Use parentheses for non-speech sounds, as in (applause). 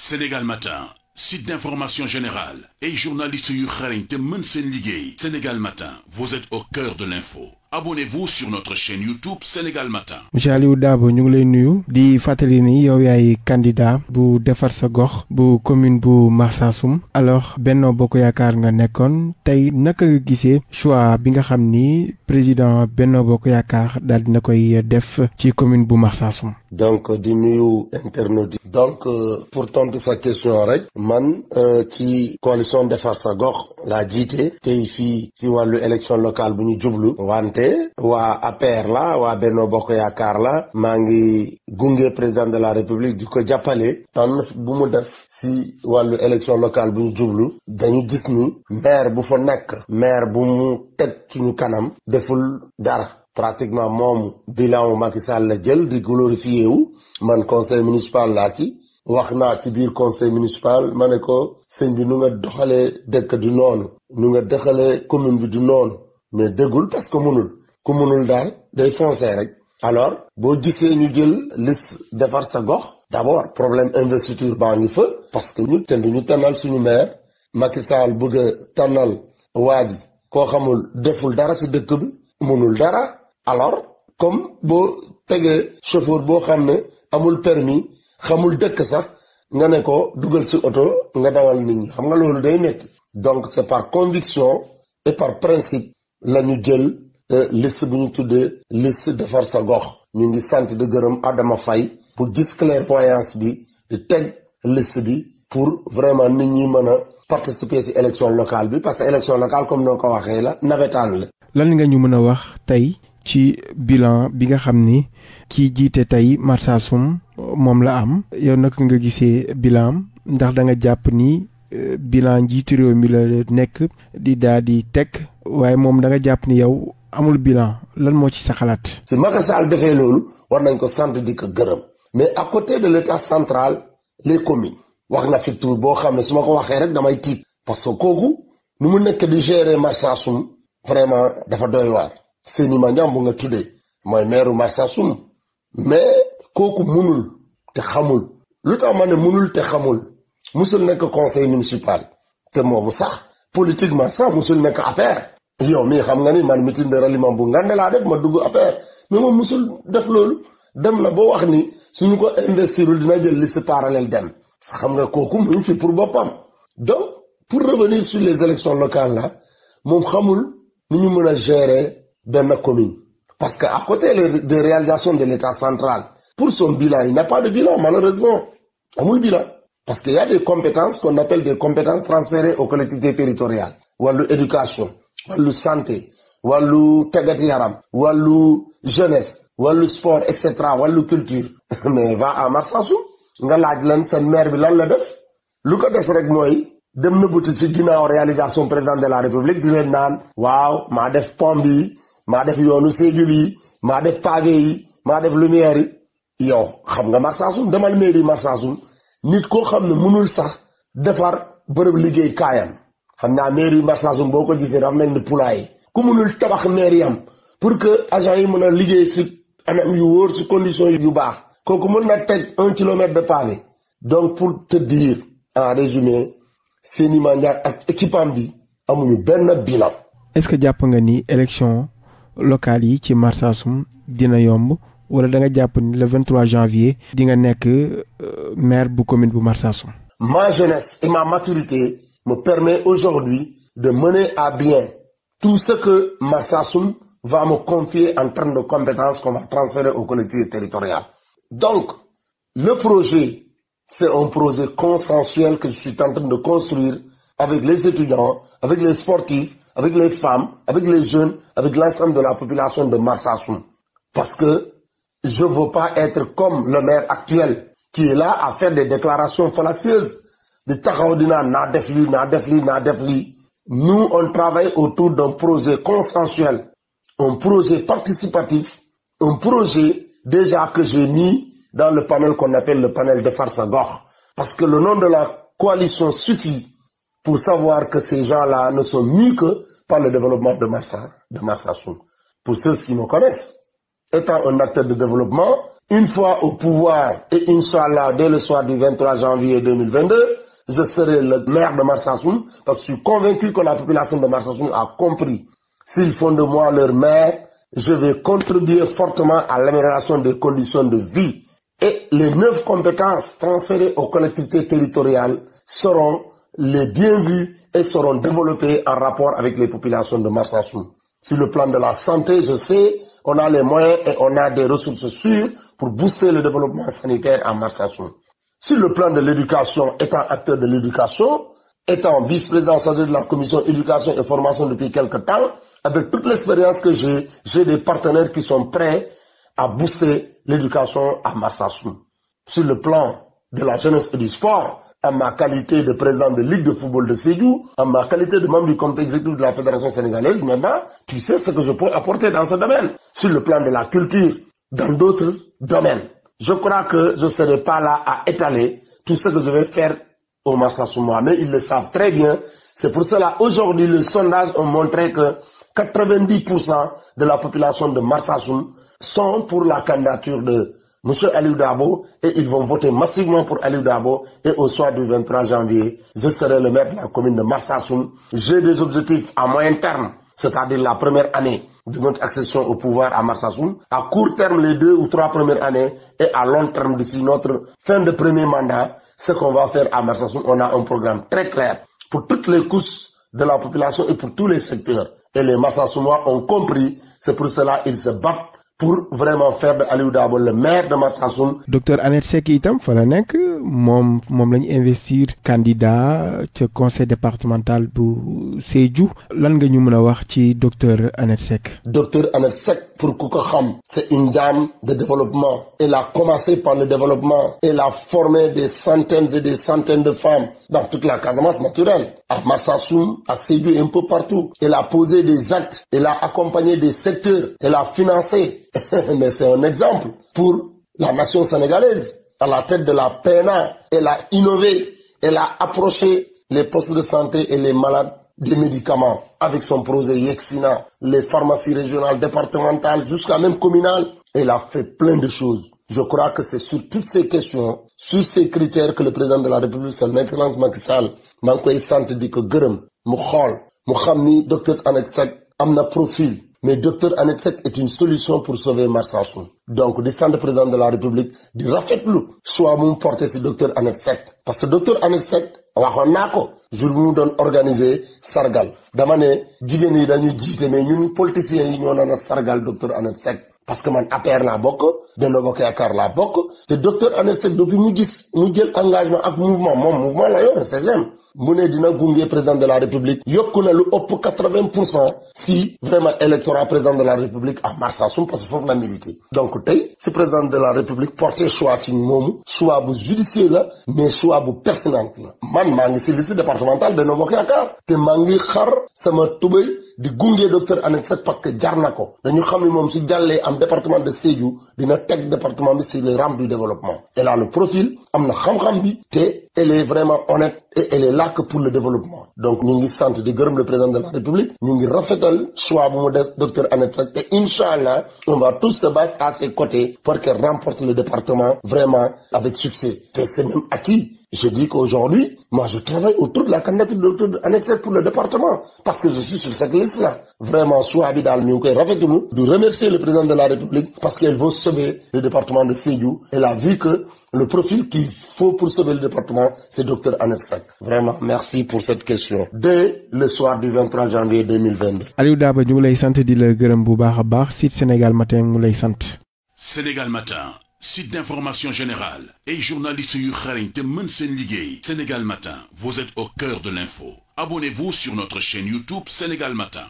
Sénégal Matin site d'information générale et journaliste yu xarañ te mën seen liggéey Sénégal Matin vous êtes au cœur de l'info abonnez-vous sur notre chaîne ñu ngi lay nuyu di fàttali ni yow yaay candidat bu defar sa gox bu commune bu Marsassoum alors Benno Bokk Yaakaar nga nekkoon tey naka nga gisee choix bi nga xam ni président Benno Bokk Yaakaar daal dina koy def ci commune bu Marsassoum. donc di nuyu internautes di donc euh, pour tontu sa question rek. man euh, ci coalition defar sa gox laa jiite tey fii si wàllu élection locale bu ñu jublu santé waa APR la waa Benno Bokk Yaakaar la maa ngi gunge président de la République di ko jàppale tànn bu mu def si wàllu élection locale bu ñu jublu dañu gis ni maire bu fa nekk maire bu mu teg suñu kanam deful dara pratiquement moomu bilan Macky Sall la jël di glorifié wu man conseil municipal laa ci wax naa ci biir conseil municipal ma ne ko sëñ bi nu nga doxalee dëkk du noonu nu nga doxalee commune bi du noonu mais déggul parce que mënul ku mënul daal day foncer rek alors boo gisee ñu jël liste defar sa gox d'abord problème investiture baa ngi fa parce que ñu te ñu tànnal suñu maire Macky Sall bëgg a tànnal waa ji koo xamul deful dara si dëkk bi mënul dara alors comme boo tegee chauffeur boo xam ne amul permis xamul dëkk sax nga ne ko dugal si oto nga dawal nit ñi xam nga loolu day metti donc c'est par conviction et par principe lañu jël euh, liste bu ñu tuddee liste defar sa gox ñu ngi sant de gërëm Adama fay pour gis clairvoyance bi di teg liste bi pour vraiment nit ñi mën a participer ci élection locale bi parce que élection locale comme noo ko waxee la nawetaan la lan nga ñu mën a wax tey ci bilan bi nga xam ni kii jiite tey Marsassoum moom la am yow naka nga gisee bilan ndax da nga jàpp ni euh, bilan jiitu réew mi la nekk di daal di teg waaye moom da jàpp ni yow amul bilan lan moo ci sa xalaat. su Macky Sall defee loolu war nañ ko sant di gërëm mais à côté de l' état central les communes. wax na fi tur boo xam ne su ma ko waxee rek damay tiit. parce que kooku nu mu nekk di gérer Marsassoum vraiment dafa doy waar. Seyni ma bu nga tuddee. mooy maire Marsassoum mais kooku munul te xamul. lu tax ma ne munul te xamul musul nekk conseil municipal. te moomu sax politiquement sax musul nekk affaire. yow mii xam nga ni man meeting de ralliement bu ngande laa def ma dugg APR mais moom musul def loolu dem na boo wax ni suñu ko investirul dina jël liste parallèle dem sa xam nga kooku mu ñu fi pour boppam donc pour revenir sur les élections locales la moom xamul ni ñu mën a gérer benn commune parce que à côté des réalisations de l'État central pour son bilan il n'a pas de bilan malheureusement amul bilan parce qu'il y a des compétences qu'on appelle des compétences transférées aux wàllu santé wàllu tàggat yaram wàllu jeunesse wàllu sport et cetera wàllu culture (laughs) mais va à Marsassoum nga laaj lan seen maire bi lan la def lu ko des rek mooy dem na buti ci ginnaaw réalisation président de la république di leen naan waaw maa def pont bi maa def yoonu Sédhiou bi ma def pavé yi maa def lumière yi yow xam nga Marsassoum demal mairie Marsassoum nit koo xam ne mënul sax defar bërëb liggéey kaayam xam naa mairie Marsassoum boo ko gisee dafa mel ni poulailler yi ku mënul tabax mairie am pour que agent yi mën a liggéey si anam yu wóor si condition yu baax kooku mën na teg un kilomètre de pavé donc pour te dire en résumé Seny Mandiang ak équipe am bi amuñu benn bilan. est-ce que jàpp nga ni élection locale yi ci Marsassoum dina yomb wala da nga jàpp ni le 23 janvier. di nga nekk euh, maire bu commune bu Marsassoum. ma jeunesse et ma maturité. me permet aujourd'hui de mener à bien tout ce que Marsassoum va me confier en termes de compétences qu'on va transférer aux collectivités territoriales. Donc, le projet, c'est un projet consensuel que je suis en train de construire avec les étudiants, avec les sportifs, avec les femmes, avec les jeunes, avec l'ensemble de la population de Marsassoum. Parce que je ne veux pas être comme le maire actuel qui est là à faire des déclarations fallacieuses di taxaw di naa def lii naa def lii naa def lii nous on travaille autour d'un projet consensuel un projet participatif un projet déjà que j'ai mis dans le panel qu'on appelle le panel Defar Sa Gokh parce que le nom de la coalition suffit pour savoir que ces gens-là ne sont mieux développement de Marsa de Marsa Soum pour ceux qui me connaissent étant un acteur de développement une fois au pouvoir et Inch'Allah dès le soir du 23 janvier 2022 je serai le maire de Marsassoum parce que je suis convaincu que la population de Marsassoum a compris. S'ils font de moi leur maire, je vais contribuer fortement à l'amélioration des conditions de vie. Et les neuf compétences transférées aux collectivités territoriales seront les bien vues et seront développées en rapport avec les populations de Marsassoum. Sur le plan de la santé, je sais, on a les moyens et on a des ressources sûres pour booster le développement sanitaire à Marsassoum. sur le plan de l'éducation, étant acteur de l'éducation, étant vice-président de la commission éducation et formation depuis quelque temps, avec toute l'expérience que j'ai, j'ai des partenaires qui sont prêts à booster l'éducation à Marsasou. Sur le plan de la jeunesse et du sport, en ma qualité de président de Ligue de football de Sédou, en ma qualité de membre du comité exécutif de la Fédération sénégalaise, maintenant, tu sais ce que je le plan de la culture, dans je crois que je ne serai à étaler tout ce que je vais faire au Marsasoumois. Mais ils le savent très bien. C'est pour cela, aujourd'hui, le sondage ont la population de Marsassoum sont pour la candidature de M. Aliou Dabo et ils vont pour Aliou Dabo et au soir du 23 janvier, je serai commune de Marsassoum. J'ai des objectifs à moyen terme, la première année. de notre accession au pouvoir à Marsassoum, à court terme les deux ou trois premières années et à long terme d'ici notre fin de premier mandat, ce qu'on va faire à Marsassoum, on a un programme très clair pour toutes les couches de la population et pour tous les secteurs. Et les Marsassoumois ont compris, c'est pour cela ils se battent pour vraiment faire de Aliou le maire de Marsassoum. Docteur Annette Seck itam fa la nekk moom moom la ñu investir candidat ca conseil départemental bu Sédhiou lan nga ñu mën a wax ci docteur Annette Seck. docteur Annette Seck pour ku ko xam. c'est une dame de développement. elle a commencé par le développement. elle a formé des centaines et des centaines de femmes dans toute la Casamance naturelle. à Marsassoum à Sédhiou et un peu partout. elle a posé des actes. elle a accompagné des secteurs. elle a financé (laughs) mais c'est un exemple pour la nation sénégalaise. à la tête de la PNA. Elle a innové, elle a approché les postes de santé et les malades des médicaments avec son projet Yexina, les pharmacies régionales, départementales, jusqu'à même communales. Elle a fait plein de choses. Je crois que c'est sur toutes ces questions, sur ces critères que le président de la République, son excellence Macky Sall, maa ngi koy sant di ko gërëm mu xool mu xam ni docteur Anne Seck am na profil mais docteur Annette Seck est une solution pour sauver Marsassoum donc di sant président de la république di rafetlu choix mu porté si docteur Annette Seck parce que docteur Annette Seck waxoon naa ko jour bi mu doon organiser sargal dama ne jigéen yi dañu jiite mais ñun politiciens yi ñoo naan a sargal docteur Annette parce que man APR laa bokk Benno Bokk Yaakaar laa bokk te docteur Annette Seck depuis mu gis mu jël engagement ak mouvement moom mouvement la yor CGM mu ne dina gunge président de la république yokku na lu ëpp quatre-vingt pour cent si vraiment électorat président de la république à Marsassoum parce que foofu la milité donc tey si président de la république porté choix départemental Benno Bokk Yaakaar te maa ngi xar sama tubay di gunge docteur Annette Seck parce que jar na ko dañu xam ni moom si jàllee am département de Sédhiou dina teg département bi sur les rames du développement elle a le profil am na xam-xam bi te elle est vraiment honnête et elle est là que pour le développement donc ñu ngi sant di gërëm le président de la république ñu ngi rafetal choix docteur Annette Seck te on va tous se battre à ses côtés pour qu'elle remporte le département vraiment avec succès te c'est même acquis je dis qu'aujourd'hui moi je travaille autour de la candidature de docteur Annette pour le département parce que je suis sur cette liste là vraiment choix bi daal ñu ngi koy rafetlu remercier le président de le profil qu'il faut pour le département, c'est Dr Annette Sack. Vraiment, merci pour cette question. Dès le soir du 23 janvier 2022. Aliou Daba ñu ngi sant di la gërëm bu baax a baax site Sénégal Matin mu lay sant. Sénégal Matin site d'information générale et journaliste yu xarañ te mën seen liggéey. Sénégal Matin vous êtes au cœur de l'info abonnez-vous sur notre chaîne YouTube Sénégal Matin.